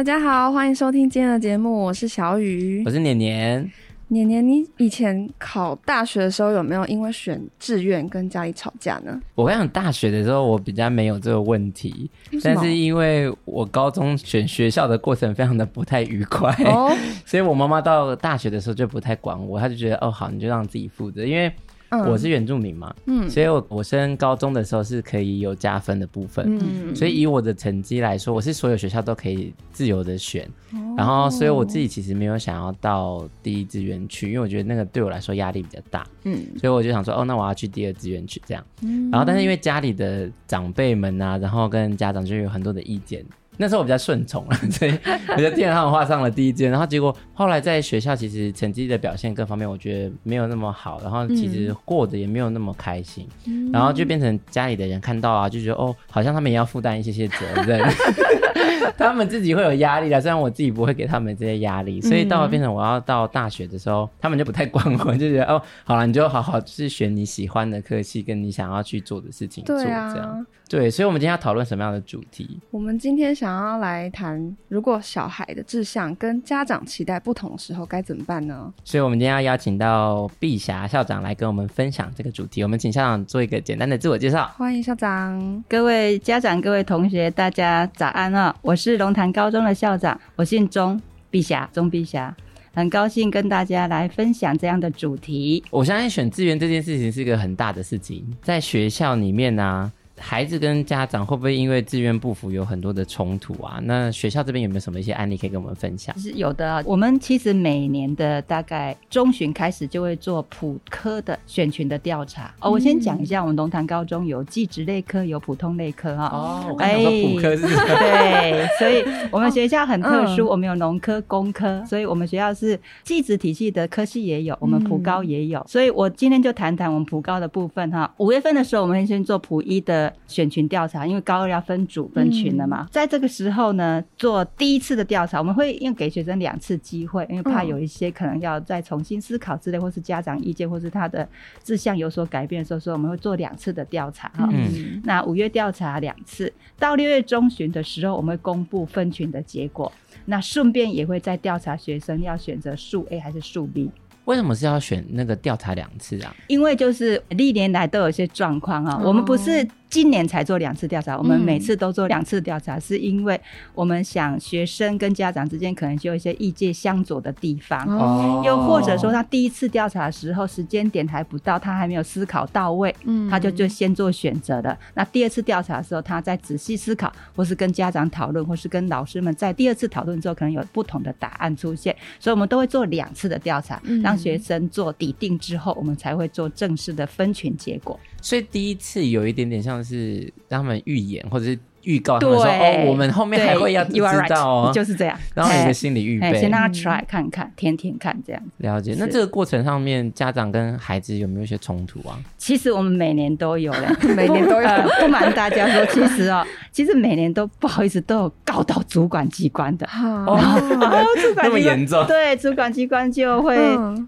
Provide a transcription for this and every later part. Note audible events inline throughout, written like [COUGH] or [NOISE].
大家好，歡迎收聽今天的節目，我是小雨，我是年年。年年，你以前考大學的時候有沒有因為選志願跟家裡吵架呢？我跟你講，大學的時候，我比較沒有這個問題，但是因為我高中選學校的過程非常的不太愉快， [LAUGHS] 所以我媽媽到大學的時候就不太管我，她就覺得哦，好，你就讓自己負責，因為。嗯、我是原住民嘛，嗯，所以我我升高中的時候是可以有加分的部分，嗯，所以以我的成績來說，我是所有學校都可以自由的選，嗯、然後所以我自己其實沒有想要到第一志願去，因為我覺得那個對我來說壓力比較大，嗯，所以我就想說，哦，那我要去第二志願去這樣，嗯，然後但是因為家裡的長輩們啊，然後跟家長就有很多的意見。那時候我比較順從，所以我就電他們畫上了第一針， [LAUGHS] 然後結果後來在學校其實成績的表現各方面，我覺得沒有那麼好，然後其實過得也沒有那麼開心，嗯、然後就變成家裡的人看到啊，就覺得、嗯、哦，好像他們也要負擔一些些責任， [LAUGHS] [LAUGHS] 他們自己會有壓力啦。雖然我自己不會給他們這些壓力，所以到了變成我要到大學的時候，嗯、他們就不太管我，就覺得哦，好了，你就好好去選你喜歡的科系，跟你想要去做的事情做這樣。對，所以，我們今天要討論什麼樣的主題？我們今天想要來談，如果小孩的志向跟家長期待不同的時候，該怎麼辦呢？所以，我們今天要邀請到碧霞校長來跟我們分享這個主題。我們請校長做一個簡單的自我介紹。歡迎校長，各位家長，各位同學，大家早安啊、哦！我是龍潭高中的校長，我姓鍾，碧霞，鍾碧霞，很高興跟大家來分享這樣的主題。我相信選志願這件事情是一個很大的事情，在學校裡面呢、啊。孩子跟家長會不會因為志願不符有很多的衝突啊？那學校這邊有沒有什麼一些案例可以跟我們分享？是有的、啊。我們其實每年的大概中旬開始就會做普科的選群的調查、嗯、哦。我先講一下，我們龍潭高中有技職類科，有普通類科、啊、哦，哦欸、我說普科是對，所以我們學校很特殊，哦、我們有農科、工科，所以我們學校是技職體系的科系也有，我們普高也有。所以我今天就談談我們普高的部分哈、啊。五月份的時候，我們先做普一的。選群調查，因為高二要分組分群了嘛，嗯、在這個時候呢，做第一次的調查，我們會因為給學生兩次機會，因為怕有一些可能要再重新思考之類，或是家長意見，或是他的志向有所改變的時候，所以說我們會做兩次的調查哈、嗯。那五月調查兩次，到六月中旬的時候，我們會公布分群的結果，那順便也會再調查學生要選擇數 A 還是數 B。為什麼是要選那個調查兩次啊？因為就是歷年來都有些狀況啊，我們不是。今年才做兩次調查，我們每次都做兩次調查、嗯，是因為我們想學生跟家長之間可能就有一些意見相左的地方、哦，又或者說他第一次調查的時候時間點還不到，他還沒有思考到位，嗯，他就就先做選擇的、嗯。那第二次調查的時候，他再仔細思考，或是跟家長討論，或是跟老師們在第二次討論之後，可能有不同的答案出現，所以，我們都會做兩次的調查，當學生做底定之後、嗯，我們才會做正式的分群結果。所以第一次有一點點像是他們預演，或者是預告，他們說對：“哦，我們後面還會要知道哦，right, 就是這樣。”然後有一個心理預備，先讓他 try 看看，天天看這樣、嗯。了解。那這個過程上面，家長跟孩子有沒有一些衝突啊？其實我們每年都有了，每年都有、 [LAUGHS] 呃。不瞞大家說，其實啊、哦。 [LAUGHS] 其實每年都不好意思，都有告到主管機關的。Oh, oh, [LAUGHS] 哦，這 [LAUGHS] 麼嚴重。對，主管機關就會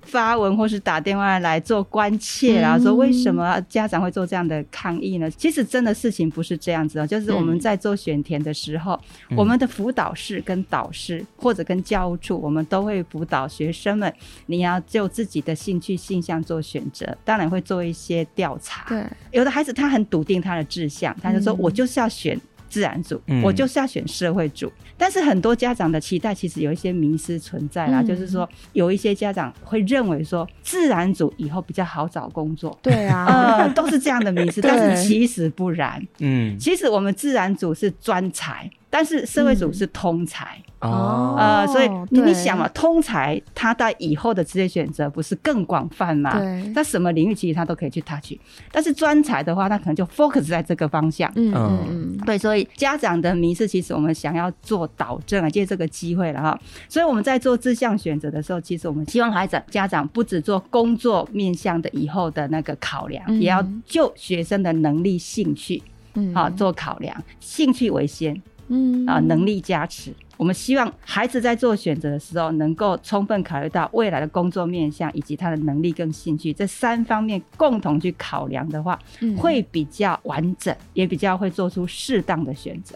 發文或是打電話來做關切、嗯、然後說為什麼家長會做這樣的抗議呢？嗯、其實真的事情不是這樣子哦，就是我們在做選填的時候，嗯、我們的輔導室跟導師、嗯、或者跟教務處，我們都會輔導學生們，你要就自己的興趣、性向做選擇，當然會做一些調查。對，有的孩子他很篤定他的志向，他就說、嗯、我就是要選。自然組，我就是要選社會組、嗯。但是很多家長的期待其實有一些迷思存在啦、啊嗯，就是說有一些家長會認為說自然組以後比較好找工作，對啊，呃、都是這樣的迷思， [LAUGHS] 但是其實不然，嗯，其實我們自然組是專才。但是社會組是通才、嗯，哦，呃，所以你想嘛、啊，通才他在以後的職業選擇不是更廣泛嘛？他什麼領域其實他都可以去 touch。但是專才的話，他可能就 focus 在這個方向。嗯嗯，對，所以家長的迷思其實我們想要做導正啊，借這個機會了哈。所以我們在做志向選擇的時候，其實我們希望孩子家長不只做工作面向的以後的那個考量，嗯、也要就學生的能力、興趣，嗯，啊，做考量，興趣為先。嗯啊，能力加持，我們希望孩子在做選擇的時候，能夠充分考慮到未來的工作面向以及他的能力跟興趣，這三方面共同去考量的話，會比較完整，也比較會做出適當的選擇。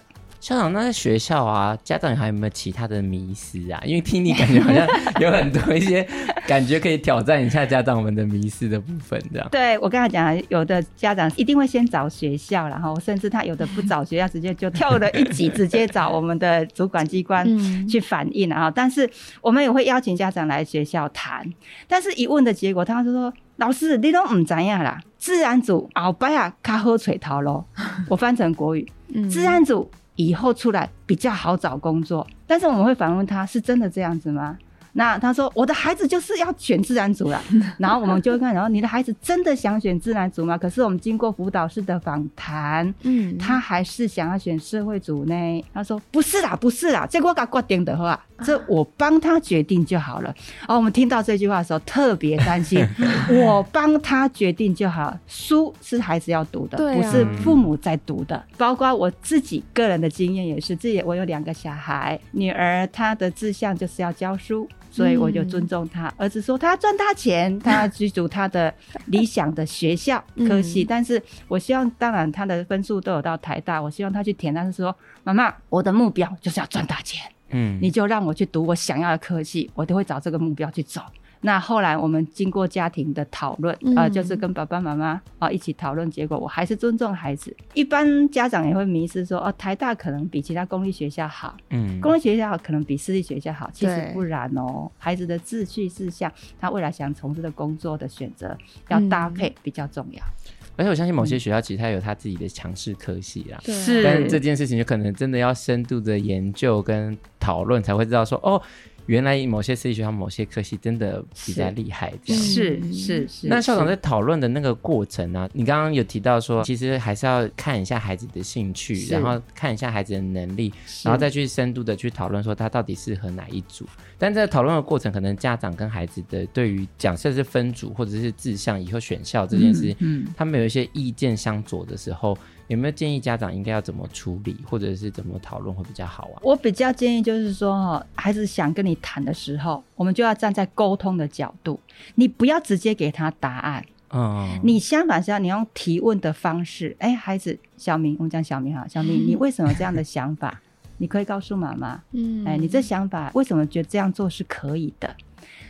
校長，那在學校啊，家長還有沒有其他的迷思啊？因為聽你感覺好像有很多一些感覺可以挑戰一下家長們的迷思的部分，這樣。 [LAUGHS] 對，我剛才講，有的家長一定會先找學校，然後甚至他有的不找學校，直接就跳了一級， [LAUGHS] 直接找我們的主管機關去反映、嗯。然後，但是我們也會邀請家長來學校談。但是一問的結果，他就說：“老師，你都唔知樣啦，自然組後擺啊卡好吹頭咯。”我翻成國語，自、嗯、然組。以後出來比較好找工作，但是我們會反問他，是真的這樣子嗎？那他說我的孩子就是要選自然組了， [LAUGHS] 然後我們就會看，然後你的孩子真的想選自然組嗎？可是我們經過輔導室的訪談，嗯，他還是想要選社會組呢。他說不是啦，不是啦，這個、我搞他定的話，這我幫他決定就好了。哦、啊，我，然後我們聽到這句話的時候特別擔心， [LAUGHS] 我幫他決定就好，書是孩子要讀的，啊、不是父母在讀的、嗯。包括我自己個人的經驗也是，自己我有兩個小孩，女兒她的志向就是要教書。所以我就尊重他。嗯、兒子說他要賺大錢，他要追逐他的理想的學校科系、 [LAUGHS] 嗯。但是我希望，當然他的分數都有到台大，我希望他去填。但是說，媽媽，我的目標就是要賺大錢，嗯，你就讓我去讀我想要的科系，我都會找這個目標去走。那後來我們經過家庭的討論、嗯、呃，就是跟爸爸媽媽啊一起討論，結果我還是尊重孩子。一般家長也會迷思說哦、呃，台大可能比其他公立學校好，嗯，公立學校好可能比私立學校好，其實不然哦。孩子的志趣志向，他未來想從事的工作的選擇要搭配比較重要、嗯。而且我相信某些學校其實他有他自己的強勢科系啦，嗯、是。但是這件事情就可能真的要深度的研究跟討論才會知道說哦。原來某些私立學校某些科系，真的比較厲害這樣，是是是，是。那校長在討論的那個過程呢、啊嗯，你剛剛有提到說，其實還是要看一下孩子的興趣，然後看一下孩子的能力，然後再去深度的去討論說他到底適合哪一組。但在討論的過程，可能家長跟孩子的對於講，像是分組或者是志向以後選校這件事，嗯，嗯，他們有一些意見相左的時候。有沒有建議家長應該要怎麼處理，或者是怎麼討論會比較好啊？我比較建議就是說，哈，孩子想跟你談的時候，我們就要站在溝通的角度，你不要直接給他答案，嗯，你相反是要你用提問的方式，哎、欸，孩子，小明，我們講小明哈，小明、嗯，你為什麼有這樣的想法？ [LAUGHS] 你可以告訴媽媽，嗯，誒、欸，你這想法為什麼覺得這樣做是可以的？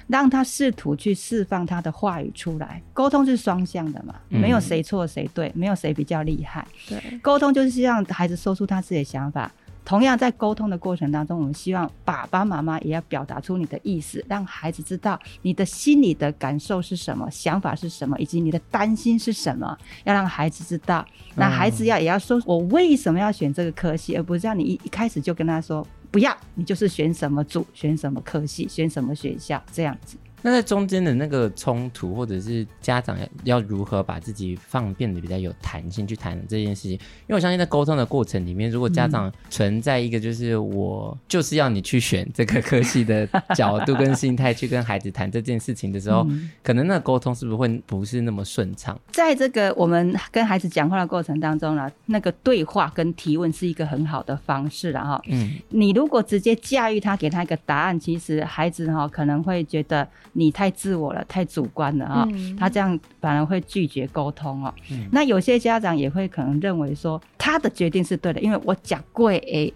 讓他試圖去釋放他的話語出來，溝通是雙向的嘛，嗯，沒有誰錯誰對，沒有誰比較厲害。對，溝通就是讓孩子說出他自己的想法。同樣，在溝通的過程當中，我們希望爸爸媽媽也要表達出你的意思，讓孩子知道你的心裡的感受是什麼，想法是什麼，以及你的擔心是什麼，要讓孩子知道。那孩子要也要說，我為什麼要選這個科系，嗯，而不是讓你一一開始就跟他說。不要，你就是選什麼組，選什麼科系，選什麼學校，這樣子。那在中間的那個衝突，或者是家長要如何把自己放變得比較有彈性去談這件事情？因為我相信在溝通的過程裡面，如果家長存在一個就是我就是要你去選這個科系的角度跟心態去跟孩子談這件事情的時候， [LAUGHS] 可能那溝通是不是會不是那麼順暢？在這個我們跟孩子講話的過程當中呢、啊，那個對話跟提問是一個很好的方式，然後，嗯，你如果直接駕馭他，給他一個答案，其實孩子哈可能會覺得。你太自我了，太主觀了啊、喔嗯！他這樣反而會拒絕溝通哦、喔嗯。那有些家長也會可能認為說，他的決定是對的，因為我講過誒。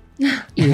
養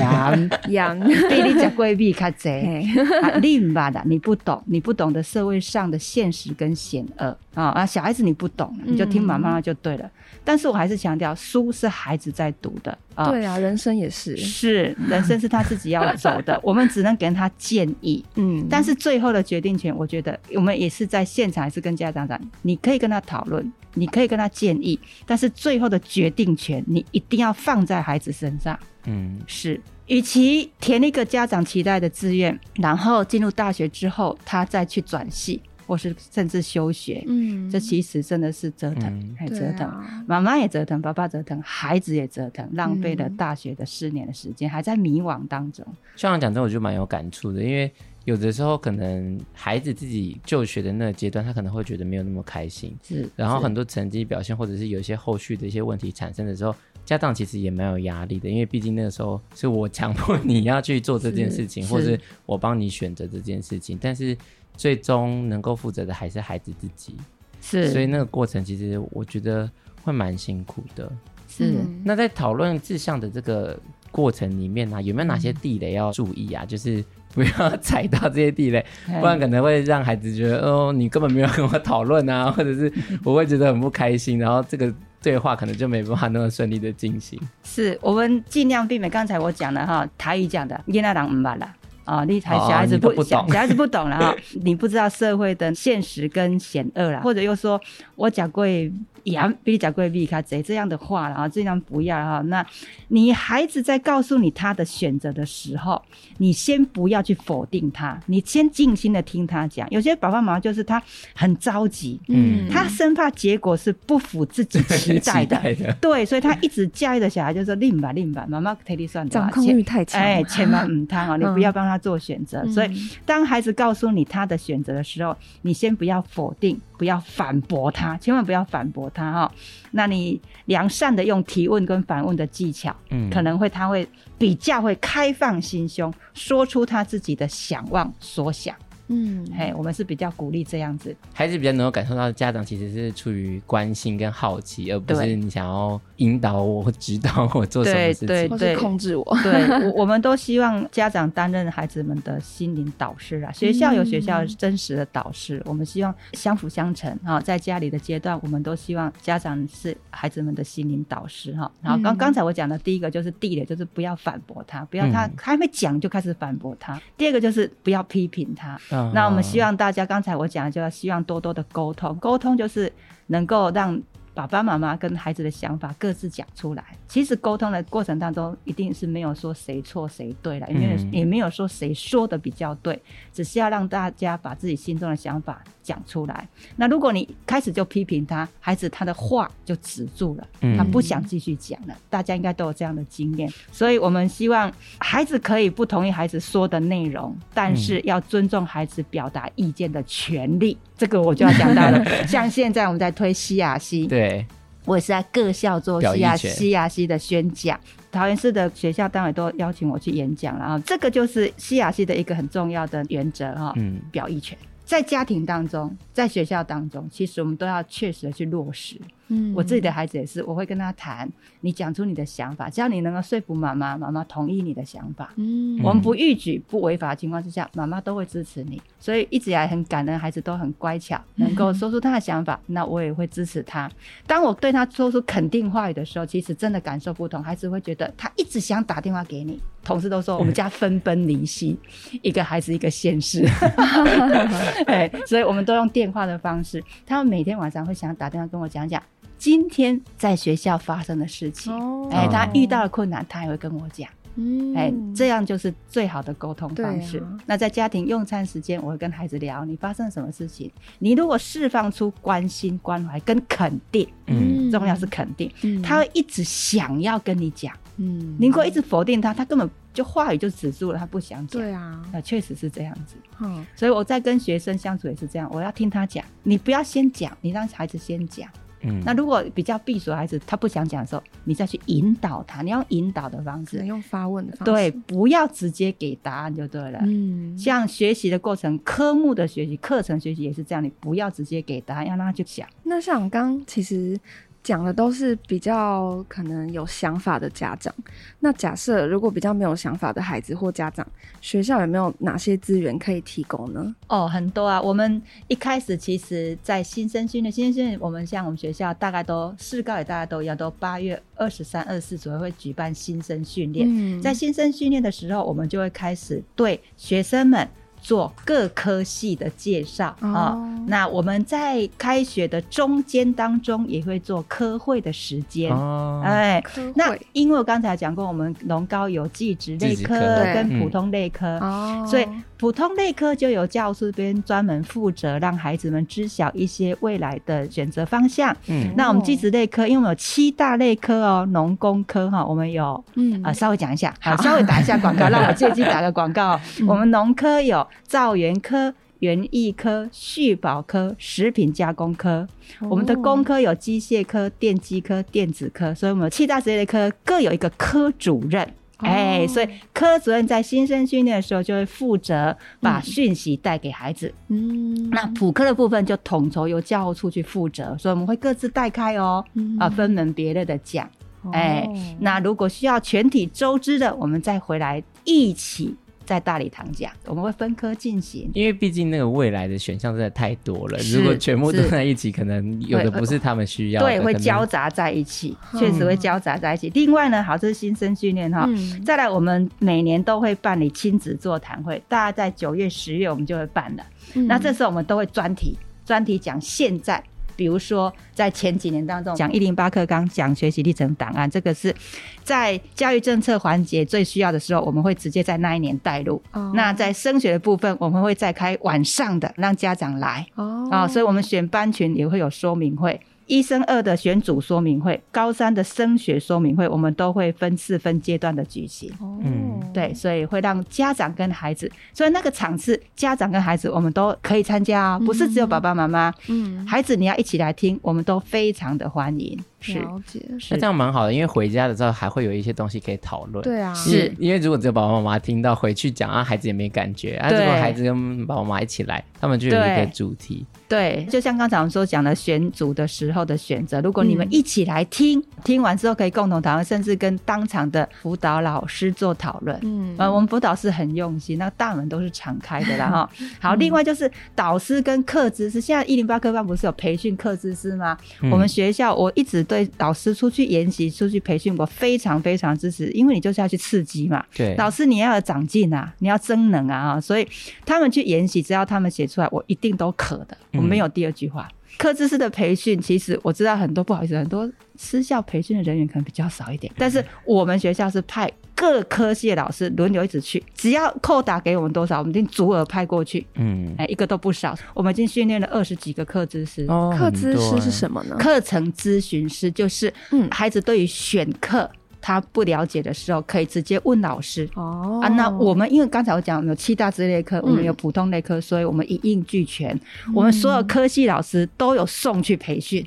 養 [LAUGHS] 比你講。閨蜜卡賊啊，另吧的，你不懂，你不懂得社會上的現實跟險惡啊啊！小孩子你不懂，你就聽媽媽就對了、嗯。但是我還是強調，書是孩子在讀的啊、哦。對啊，人生也是。是，人生是他自己要走的， [LAUGHS] 我們只能給他建議。嗯。但是最後的決定權，我覺得我們也是在現場，還是跟家長講，你可以跟他討論，你可以跟他建議，但是最後的決定權，你一定要放在孩子身上。嗯，是，與其填一個家長期待的志願，然後進入大學之後，他再去轉系，或是甚至休學，嗯，這其實真的是折騰，很、嗯、折騰，媽媽、啊、也折騰，爸爸折騰，孩子也折騰，浪費了大學的四年的時間、嗯，還在迷惘當中。校長講真的，我就蠻有感觸的，因為有的時候可能孩子自己就學的那個階段，他可能會覺得沒有那麼開心，是，是，然後很多成績表現，或者是有一些後續的一些問題產生的時候，家長其實也蠻有壓力的，因為畢竟那個時候是我強迫你要去做這件事情，是、是，或是我幫你選擇這件事情。但是最終能夠負責的還是孩子自己，是。所以那個過程其實我覺得會蠻辛苦的。是。那在討論志向的這個過程裡面呢、啊，有沒有哪些地雷要注意啊？就是。不要踩到這些地雷，okay. 不然可能會讓孩子覺得哦，你根本沒有跟我討論啊，或者是我會覺得很不開心，然後這個對話可能就沒辦法那麼順利的進行。是我們盡量避免剛才我講的哈，台語講的，你那蘭唔捌啦啊，哦，你台小孩子不，哦，不懂，小孩子不懂啦哈，你不知道社會的現實跟險惡啦，或者又說我講過。別講鬼別講賊這樣的話，然後儘量不要哈。那你孩子在告訴你他的選擇的時候，你先不要去否定他，你先靜心的聽他講。有些爸爸媽媽就是他很着急，嗯，他生怕結果是不符自己期待的，嗯、對，待的對，所以他一直教育小孩就說另吧另吧，媽媽替你算的，掌控欲太強，哎、欸，千萬、喔、嗯，貪哦，你不要幫他做選擇，嗯。所以當孩子告訴你他的選擇的時候，你先不要否定，不要反駁他，千萬不要反駁他。他哈，哦，那你良善的用提問跟反問的技巧，嗯，可能會他會比較會開放心胸，說出他自己的想望所想。嗯，嘿、hey,，我們是比較鼓勵這樣子，孩子比較能夠感受到家長其實是出於關心跟好奇，而不是你想要引導我、指導我做什麼事情，對對對，對控制我。 [LAUGHS] 對，我我們都希望家長擔任孩子們的心靈導師啊、嗯。學校有學校真實的導師，我們希望相輔相成啊、哦。在家裡的階段，我們都希望家長是孩子們的心靈導師哈、哦。然後剛剛、嗯、才我講的第一個就是地雷，就是不要反駁他，不要他還沒講就開始反駁他、嗯。第二個就是不要批評他。那我們希望大家，剛才我講的，就要希望多多的溝通。溝通就是能夠讓爸爸媽媽跟孩子的想法各自講出來。其實溝通的過程當中，一定是沒有說誰錯誰對了，也沒有也沒有說誰說的比較對、嗯，只是要讓大家把自己心中的想法。講出來。那如果你開始就批評他，孩子他的話就止住了，嗯、他不想繼續講了。大家應該都有這樣的經驗。所以，我們希望孩子可以不同意孩子說的內容，但是要尊重孩子表達意見的權利。嗯、這個我就要講到了。 [LAUGHS] 像現在我們在推 CRC，對我也是在各校做 CRC 的宣講。桃園市的學校單位都邀請我去演講，然後這個就是 CRC 的一個很重要的原則哈。嗯，表意權。在家庭當中，在學校當中，其實我們都要切實的去落實。嗯，我自己的孩子也是，我會跟他談，你講出你的想法，只要你能夠說服媽媽，媽媽同意你的想法。嗯，我們不逾矩、不違法的情況之下，媽媽都會支持你。所以一直以來很感恩，孩子都很乖巧，能夠說出他的想法，那我也會支持他、嗯。當我對他說出肯定話語的時候，其實真的感受不同，孩子會覺得他一直想打電話給你。同事都說我們家分崩離析、嗯，一個孩子一個現實。哎、 [LAUGHS] [LAUGHS] [LAUGHS] 欸，所以我們都用電話的方式，他們每天晚上會想打電話跟我講講。今天在學校發生的事情，oh, 欸 oh. 他遇到了困難，他也會跟我講、mm. 欸，這樣就是最好的溝通方式、對啊。那在家庭用餐時間，我會跟孩子聊，你發生什麼事情？你如果釋放出關心、關懷跟肯定，嗯、mm.，重要是肯定，mm. 他會一直想要跟你講，嗯、mm.，你如果一直否定他，mm. 他根本就話語就止住了，他不想講。對啊，那確實是這樣子。嗯，所以我在跟學生相處也是這樣，我要聽他講，你不要先講，你讓孩子先講。嗯，那如果比較閉鎖孩子，他不想講的時候，你再去引導他，你要用引導的方式，用發問的方式，對，不要直接給答案就對了。嗯，像學習的過程，科目的學習，課程學習也是這樣，你不要直接給答案，要讓他去想。那像我剛其實，講的都是比較可能有想法的家長，那假設如果比較沒有想法的孩子或家長，學校有沒有哪些資源可以提供呢？哦，很多啊。我們一開始其實，在新生訓練，新生訓練我們像我們學校大概都市高也大概都一樣，都八月二十三、二十四左右會舉辦新生訓練。嗯，在新生訓練的時候，我們就會開始對學生們。做各科系的介紹啊、哦哦，那我們在開學的中間當中也會做科會的時間，哎、哦嗯，那因為我剛才講過，我們農高有技職類科跟普通類科，科類科所以。嗯哦所以普通類科就由教師這邊專門負責，讓孩子們知曉一些未來的選擇方向。嗯，那我們技職類科、哦、因為我們有七大類科哦，農工科哈，我們有嗯呃稍微講一下，好、啊，稍微打一下廣告，讓 [LAUGHS] 我借機打個廣告哦、嗯。我們農科有造園科、園藝科、畜保科、食品加工科；哦、我們的工科有機械科、電機科、電子科。所以，我們有七大職業類科各有一個科主任。哎、欸，oh. 所以科主任在新生訓練的時候就會負責把訊息帶給孩子。嗯，那普科的部分就統籌由教務處去負責，所以我們會各自帶開哦、喔，啊、嗯呃，分門別類的講。哎、oh. 欸，那如果需要全體周知的，我們再回來一起。在大禮堂講，我們會分科進行，因為畢竟那個未來的選項實在太多了。如果全部都在一起，可能有的不是他們需要的，對，會交雜在一起，確實會交雜在一起、嗯。另外呢，好，這是新生訓練哈。再來，我們每年都會辦理親子座談會，大概在九月、十月我們就會辦了、嗯。那這時候我們都會專題、專題講現在。比如說，在前幾年當中講一零八課綱、講學習歷程檔案，這個是在教育政策環節最需要的時候，我們會直接在那一年帶入。哦，那在升學的部分，我們會再開晚上的，讓家長來。哦，啊，哦，所以我們選班群也會有說明會。一升二的選組說明會，高三的升學說明會，我們都會分次分階段的舉行。嗯、哦、對，所以會讓家長跟孩子，所以那個場次，家長跟孩子我們都可以參加哦、喔、不是只有爸爸媽媽。嗯，嗯，嗯，孩子你要一起來聽，我們都非常的歡迎。是了解，那這樣蠻好的，因為回家的時候還會有一些東西可以討論。對啊，是因為如果只有爸爸媽媽聽到回去講啊，孩子也沒感覺啊。如果孩子跟爸爸媽媽一起來，他們就有一個主題。對，對就像剛才我們說講的選組的時候的選擇，如果你們一起來聽，嗯、聽完之後可以共同討論，甚至跟當場的輔導老師做討論。嗯，呃，我們輔導師很用心，那大門都是敞開的啦哈。 [LAUGHS] 好、嗯，另外就是導師跟課諮師，現在一零八課綱不是有培訓課諮師嗎、嗯？我們學校我一直都。老師出去研習、出去培訓，我非常非常支持，因為你就是要去刺激嘛。對，老師你要有長進啊，你要增能啊，所以他們去研習，只要他們寫出來，我一定都可的，我沒有第二句話。嗯，科知識的培訓，其實我知道很多，不好意思，很多私校培訓的人員可能比較少一點，嗯，但是我們學校是派。各科系的老師輪流一直去，只要扣打給我們多少，我們一定足額派過去。嗯、欸，一個都不少。我們已經訓練了二十幾個課資師。課、哦、資師是什麼呢？課程諮詢師就是，嗯，孩子對於選課他不了解的時候，可以直接問老師。哦、嗯、啊，那我們因為剛才我講有七大之類科，我們有普通類科，所以我們一應俱全。嗯、我們所有科系老師都有送去培訓。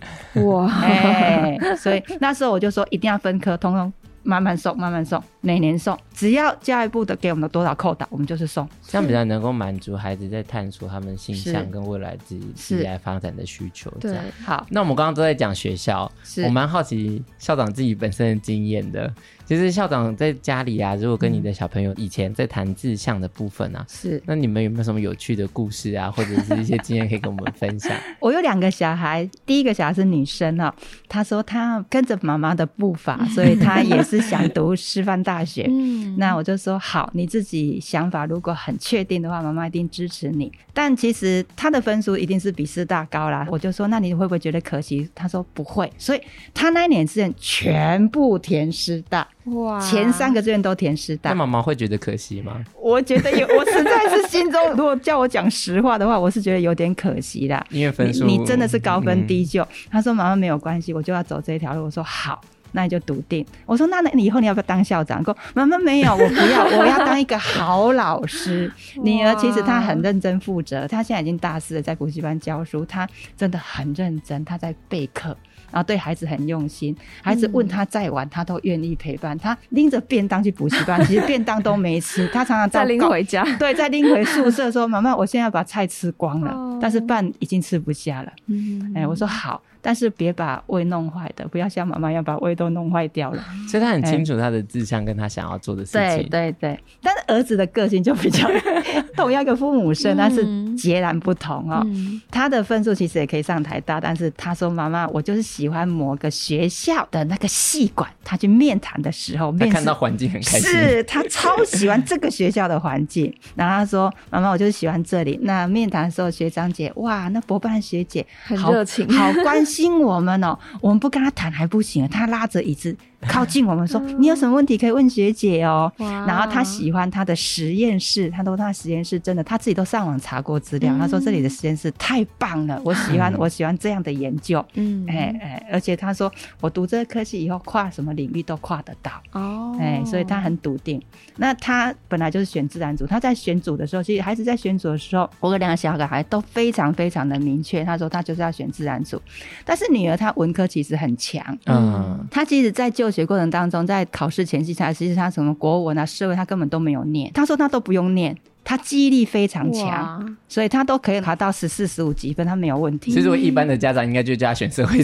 哇、 [LAUGHS] 欸，所以那時候我就說一定要分科，通通慢慢送，慢慢送。每年送？只要教育部的給我們的多少扣打，我們就是送，這樣比較能夠滿足孩子在探索他們性向跟未來自己未來發展的需求這樣。對，好。那我們剛剛都在講學校，我蠻好奇校長自己本身的經驗的。其實校長在家裡啊，如果跟你的小朋友以前在談志向的部分啊，是，那你們有沒有什麼有趣的故事啊，或者是一些經驗可以跟我們分享？ [LAUGHS] 我有兩個小孩，第一個小孩是女生啊、喔，她說她跟着媽媽的步伐，所以她也是想讀師範大學。大學，嗯，那我就說好，你自己想法，如果很確定的話，媽媽一定支持你。但其實他的分數一定是比師大高啦。我就說，那你會不會覺得可惜？他說不會。所以他那一年志願全部填師大，哇，前三個志願都填師大。那媽媽會覺得可惜嗎？我覺得有，我實在是心中， [LAUGHS] 如果叫我講實話的話，我是覺得有點可惜啦。你也分數，你真的是高分低就。嗯，他說媽媽沒有關係，我就要走這條路。我說好。那你就篤定。我說，那你以後你要不要當校長？說媽媽沒有，我不要， [LAUGHS] 我要當一個好老師。 [LAUGHS] 女兒其實她很認真負責，她現在已經大四了，在補習班教書，她真的很認真，她在備課，然後對孩子很用心。孩子問她在玩，她都願意陪伴。她拎着便當去補習班， [LAUGHS] 其實便當都沒吃，她常常 [LAUGHS] 再拎回家， [LAUGHS] 對，再拎回宿舍說：“媽媽，我現在要把菜吃光了，oh. 但是飯已經吃不下了。 [LAUGHS] ”嗯，哎、欸，我說好。但是別把胃弄壞的，不要像媽媽一樣把胃都弄壞掉了。所以他很清楚他的志向跟他想要做的事情。欸、對對對，但是兒子的個性就比較， [LAUGHS] 同樣一個父母生， [LAUGHS] 但是截然不同哦、嗯。他的分數其實也可以上台大，但是他說：“嗯、媽媽，我就是喜歡某個學校的那個系館。”他去面談的時候，他看到環境很開心，是他超喜歡這個學校的環境。 [LAUGHS] 然後他說：“媽媽，我就是喜歡這裡。”那面談的時候，學長姐哇，那博班學姐很熱情，好關。 [LAUGHS] 信我們呢，我們不跟他談還不行啊！他拉着椅子。 [LAUGHS] 靠近我們說，你有什麼問題可以問學姐哦、喔嗯。然後他喜歡他的實驗室，他說他實驗室真的他自己都上網查過資料、嗯。他說這裡的實驗室太棒了，我喜歡、嗯、我喜歡這樣的研究。嗯，哎、欸、哎，而且他說我讀這個科系以後跨什麼領域都跨得到。哦，哎、欸，所以他很篤定。那他本來就是選自然組，他在選組的時候，其實孩子在選組的時候，我跟兩個小孩都非常非常的明確，他說他就是要選自然組。但是女兒她文科其實很強，嗯，她其實在就學過程當中，在考試前期，他其實他什麼國文啊、社會，他根本都沒有念。他說他都不用念，他記憶力非常強，所以他都可以考到十四、十五級分，他沒有問題。嗯、所以我一般的家長應該就叫他選社會。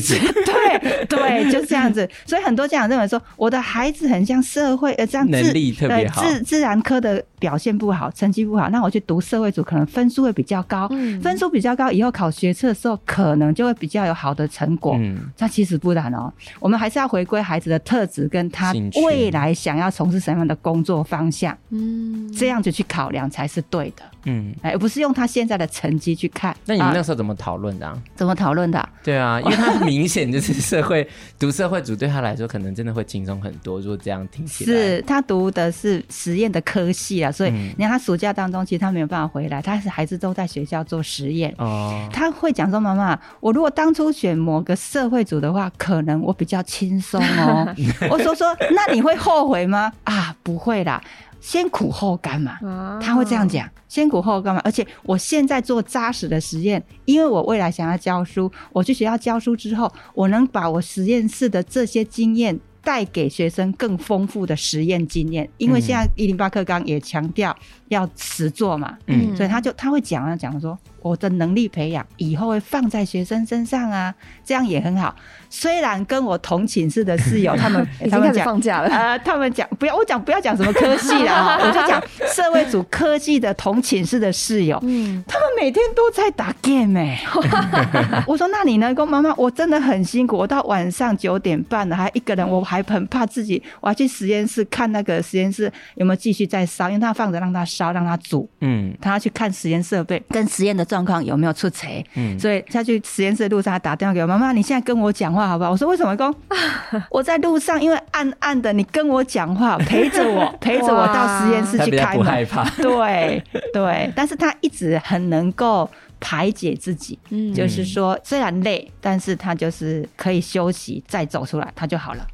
[LAUGHS] 對，就是這樣子。所以很多家長認為說，我的孩子很像社會呃，這樣自能力特別好，自自然科的表現不好，成績不好，那我去讀社會組，可能分數會比較高，嗯、分數比較高，以後考學測的時候，可能就會比較有好的成果。嗯，那其實不然哦、喔，我們還是要回歸孩子的特質，跟他未來想要從事什麼樣的工作方向，嗯，這樣子去考量才是對的。嗯，哎、欸，不是用他現在的成績去看。那你們那時候怎麼討論的、啊啊？怎麼討論的？對啊，因為他明顯就是社會 [LAUGHS] 讀社會組對他來說可能真的會輕鬆很多。如果這樣聽起來，是他讀的是實驗的科系啊，所以你看他暑假當中其實他沒有辦法回來，嗯、他是還是都在學校做實驗。哦，他會講說：“媽媽，我如果當初選某個社會組的話，可能我比較輕鬆哦。 [LAUGHS] ”我說說，那你會後悔嗎？啊，不會啦。先苦後甘嘛，oh. 他會這樣講。先苦後甘嘛，而且我現在做扎實的實驗，因為我未來想要教書，我去學校教書之後，我能把我實驗室的這些經驗帶給學生更豐富的實驗經驗。因為現在一零八課綱也強調要實做嘛，嗯，所以他就他會講要、啊、講說。我的能力培養以後會放在學生身上啊，這樣也很好。雖然跟我同寢室的室友他們他們講，啊、 [LAUGHS] 欸，他們講、呃、不要我講不要講什麼科系啦、喔、 [LAUGHS] 我就講社會組科技的同寢室的室友、嗯，他們每天都在打 game 哎、欸。 [LAUGHS] 我說那你能夠媽媽，我真的很辛苦，我到晚上九點半了還一個人，我還很怕自己，我要去實驗室看那個實驗室有沒有繼續在燒，因為他放着讓他燒讓他煮，嗯，他要去看實驗設備跟實驗的。狀況有沒有出錯？嗯，所以下去實驗室的路上，他打電話給我媽媽：“媽媽你現在跟我講話好不好？”我說：“為什麼？”他說：“我在路上，因為暗暗的，你跟我講話，陪着我，陪着我到實驗室去開門。”他不害怕。對對，但是他一直很能夠排解自己。嗯，就是說雖然累，但是他就是可以休息，再走出來，他就好了。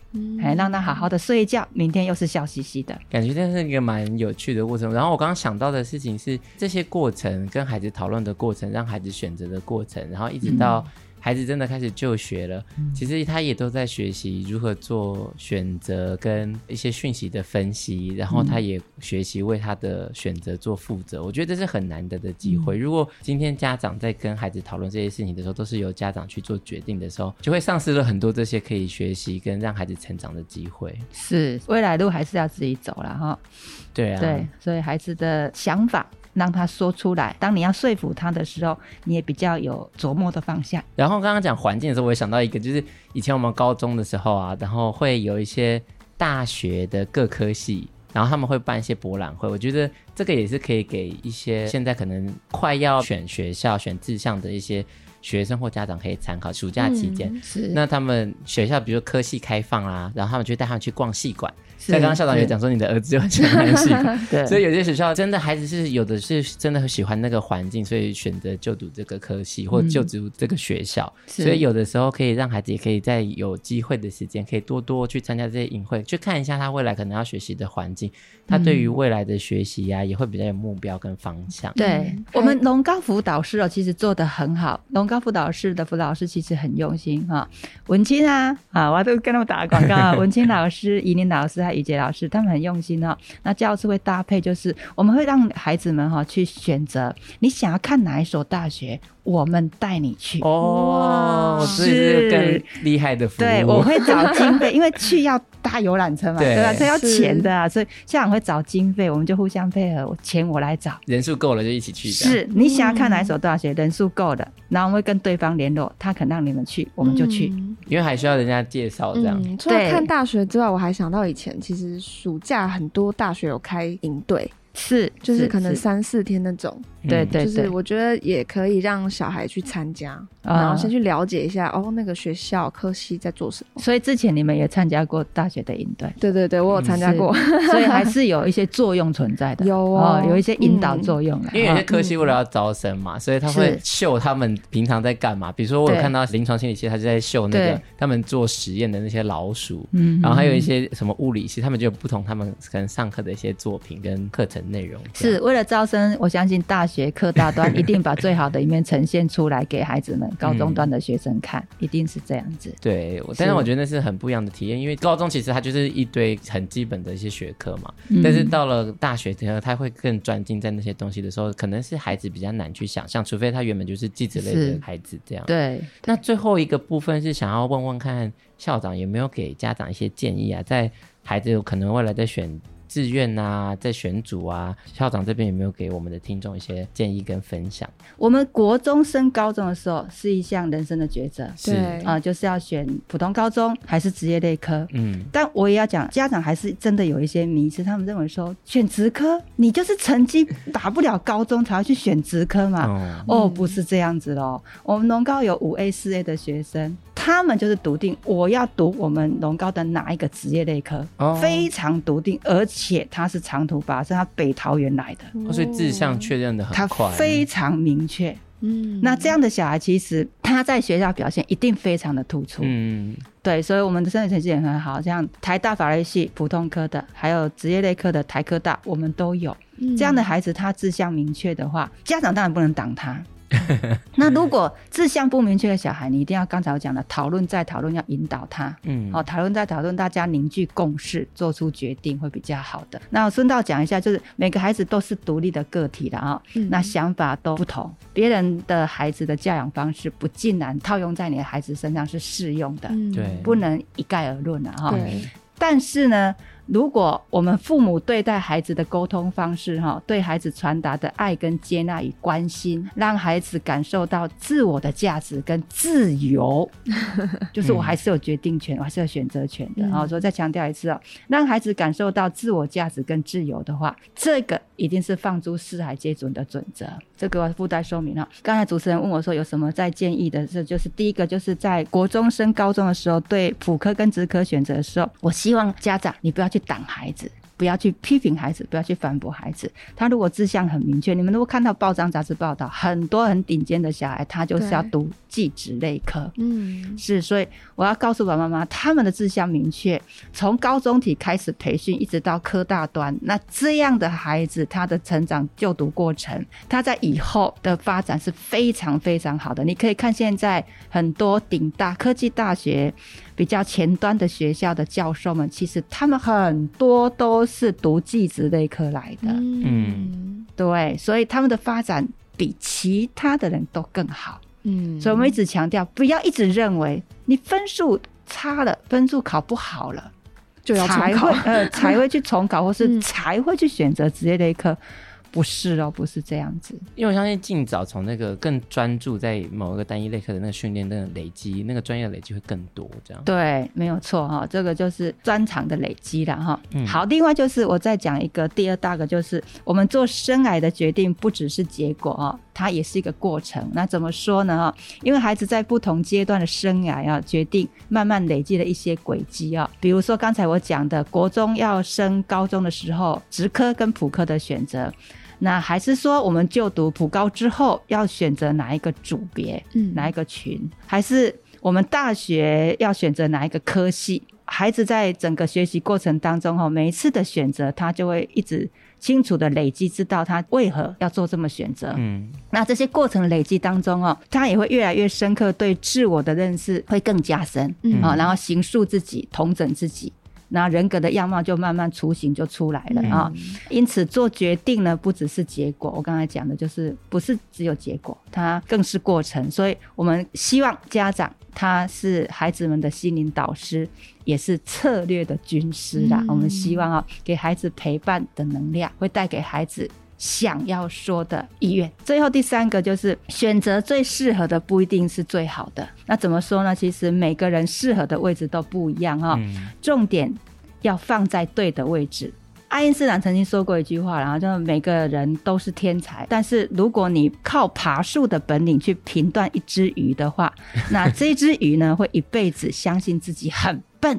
還讓他好好的睡一覺，明天又是笑嘻嘻的。感覺這是一個蠻有趣的過程，然後我剛剛想到的事情是，這些過程跟孩子討論的過程，讓孩子選擇的過程，然後一直到，嗯。孩子真的開始就學了，嗯、其實他也都在學習如何做選擇跟一些訊息的分析，然後他也學習為他的選擇做負責、嗯。我覺得這是很難得的機會、嗯。如果今天家長在跟孩子討論這些事情的時候，都是由家長去做決定的時候，就會喪失了很多這些可以學習跟讓孩子成長的機會。是未來路還是要自己走啦哈？對啊，對，所以孩子的想法。讓他說出來。當你要說服他的時候，你也比較有琢磨的方向。然後剛剛講環境的時候，我也想到一個，就是以前我們高中的時候啊，然後會有一些大學的各科系，然後他們會辦一些博覽會。我覺得這個也是可以給一些現在可能快要選學校、選志向的一些。學生或家長可以參考暑假期間、嗯，那他們學校比如說科系開放啦、啊，然後他們就帶他們去逛系館。像剛剛校長也講說，你的兒子很喜歡系館。所以有些學校真的孩子是有的是真的很喜歡那個環境，所以選擇就讀這個科系或就讀這個學校、嗯。所以有的時候可以讓孩子也可以在有機會的時間，可以多多去參加這些營會，去看一下他未來可能要學習的環境、嗯，他對於未來的學習呀、啊、也會比較有目標跟方向。對、欸、我們龍高輔導師哦、喔，其實做得很好福。高輔導室的輔導師其實很用心哈，文青啊啊，我還都跟他們打廣告啊， [LAUGHS] 文青老師、怡寧老師還有怡杰老師，他們很用心哈。那教室會搭配，就是我們會讓孩子們哈去選擇，你想要看哪一所大學，我們帶你去哦。哦、是更厲害的，對，我會找經費， [LAUGHS] 因為去要搭遊覽車嘛，對，對吧？這要錢的，啊，所以校長會找經費，我們就互相配合，錢我來找。人數夠了就一起去。是你想要看哪一所大學？嗯、人數夠了，然後我們會跟對方聯絡，他肯讓你們去，我們就去。嗯、因為還需要人家介紹這樣。對、嗯，除了看大學之外，我還想到以前，其實暑假很多大學有開營隊。是，就是可能三四天那種，對對對，就是、我覺得也可以讓小孩去參加、嗯，然後先去了解一下、呃、哦，那個學校科系在做什麼。所以之前你們也參加過大學的營隊。對對對，我有參加過， [LAUGHS] 所以還是有一些作用存在的，有哦，哦有一些引導作用、嗯。因為有些科系為了要招生嘛、嗯，所以他會秀他們平常在幹嘛。比如說我有看到臨床心理系，他就在秀那個他們做實驗的那些老鼠，嗯，然後還有一些什麼物理系，他們就有不同他們可能上課的一些作品跟課程。內容是為了招生，我相信大學課大端一定把最好的一面呈現出來給孩子們， [LAUGHS] 高中端的學生看、嗯，一定是這樣子。對，是但是我覺得那是很不一樣的體驗，因為高中其實它就是一堆很基本的一些學科嘛，嗯、但是到了大學，之後，它會更專精在那些東西的時候，可能是孩子比較難去想象，除非他原本就是記者類的孩子這樣對。對。那最後一個部分是想要問問看校長有沒有給家長一些建議啊，在孩子有可能未來在選。志願啊，在選組啊，校長這邊有沒有給我們的聽眾一些建議跟分享？我們國中升高中的時候是一項人生的抉擇，是啊、嗯，就是要選普通高中還是職業類科。嗯，但我也要講，家長還是真的有一些迷思，他們認為說選職科，你就是成績達不了高中才要去選職科嘛、嗯？哦，不是這樣子咯。我們龍高有五 A 四 A 的學生。他們就是篤定我要讀我們龍高的哪一個職業類科，oh. 非常篤定，而且他是長途跋涉，是他北桃園來的，所以志向確認的很快，非常明確。嗯、oh.，那這樣的小孩其實他在學校表現一定非常的突出。嗯、oh.，對，所以我們的升學成績也很好，像台大法律系、普通科的，還有職業類科的台科大，我們都有。Oh. 這樣的孩子，他志向明確的話，家長當然不能擋他。 [LAUGHS] 那如果志向不明確的小孩，你一定要剛才我講的討論再討論，要引導他。嗯，好、哦，討論再討論，大家凝聚共識，做出決定會比較好的。那順道講一下，就是每個孩子都是獨立的個體了啊、哦嗯，那想法都不同，別人的孩子的教養方式不盡然套用在你的孩子身上是適用的，對、嗯，不能一概而論了哈、哦嗯。但是呢。如果我們父母對待孩子的溝通方式，哈，對孩子傳達的愛跟接納與關心，讓孩子感受到自我的價值跟自由， [LAUGHS] 就是我還是有決定權，嗯、我還是有選擇權的。啊，所以再強調一次哦，讓孩子感受到自我價值跟自由的話，這個一定是放諸四海皆準的準則。這個我附帶說明了。剛才主持人問我說有什麼在建議的，這就是第一個，就是在國中升高中的時候，對普科跟職科選擇的時候，我希望家長你不要去。擋孩子，不要去批評孩子，不要去反駁孩子。他如果志向很明確，你們如果看到報章雜誌報道，很多很頂尖的小孩，他就是要讀技職類科。嗯，是。所以我要告訴爸爸媽媽，他們的志向明確，從高中體開始培訓，一直到科大端，那這樣的孩子，他的成長就讀過程，他在以後的發展是非常非常好的。你可以看現在很多頂大科技大學。比較前端的學校的教授們，其實他們很多都是讀技職類科來的，嗯，對，所以他們的發展比其他的人都更好，嗯，所以我們一直強調，不要一直認為你分數差了，分數考不好了，就要重考，才會，呃，才會去重考，嗯，或是才會去選擇職業類科。不是哦，不是這樣子，因為我相信盡早從那個更專注在某一個單一類科的那個訓練，那個累積，那個專業的累積會更多。這樣對，沒有錯哈、哦，這個就是專長的累積了哈、哦嗯。好，另外就是我再講一個第二大個，就是我們做生涯的決定，不只是結果哦，它也是一個過程。那怎麼說呢哈、哦？因為孩子在不同階段的生涯要、哦、決定，慢慢累積了一些軌跡啊、哦。比如說剛才我講的，國中要升高中的時候，職科跟普科的選擇。那還是說，我們就讀普高之後要選擇哪一個組別，嗯，哪一個群，還是我們大學要選擇哪一個科系？孩子在整個學習過程當中，每一次的選擇，他就會一直清楚的累積，知道他為何要做這麼選擇。嗯，那這些過程累積當中哦，他也會越來越深刻對自我的認識會更加深，啊，嗯，哦，然後形塑自己，統整自己。那人格的樣貌就慢慢雛形就出來了啊，因此做決定呢，不只是結果。我剛才講的就是，不是只有結果，它更是過程。所以我們希望家長他是孩子們的心靈導師，也是策略的軍師啦。我們希望啊，給孩子陪伴的能量，會帶給孩子。想要說的意願，最後第三個就是選擇最適合的不一定是最好的。那怎麼說呢？其實每個人適合的位置都不一樣哈、哦嗯。重點要放在對的位置。愛因斯坦曾經說過一句話，然後就是每個人都是天才，但是如果你靠爬樹的本領去評斷一隻魚的話，那這隻魚呢 [LAUGHS] 會一輩子相信自己很笨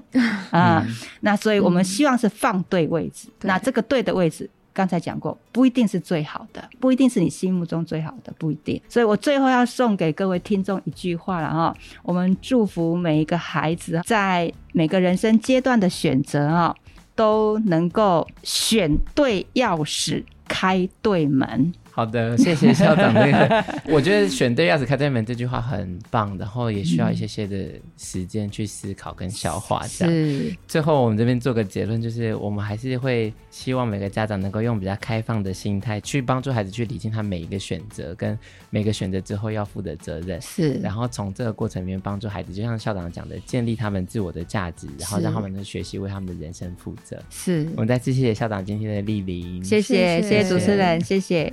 啊、嗯呃。那所以我們希望是放對位置。嗯、那這個對的位置。剛才講過，不一定是最好的，不一定是你心目中最好的，不一定。所以我最後要送給各位聽眾一句話了哈，我們祝福每一個孩子在每個人生階段的選擇啊，都能夠選對鑰匙，開對門。好的，謝謝校長，這個。那個， [LAUGHS] 我覺得“選對鑰匙，開對門”這句話很棒，然後也需要一些些的時間去思考跟消化下。是。最後，我們這邊做個結論，就是我們還是會希望每個家長能夠用比較開放的心態去幫助孩子去理清他每一個選擇跟每個選擇之後要負的責任。是。然後從這個過程裡面幫助孩子，就像校長講的，建立他們自我的價值，然後讓他們的學習為他們的人生負責。是。我們再謝謝校長今天的蒞臨，謝謝，謝謝主持人，謝謝。謝謝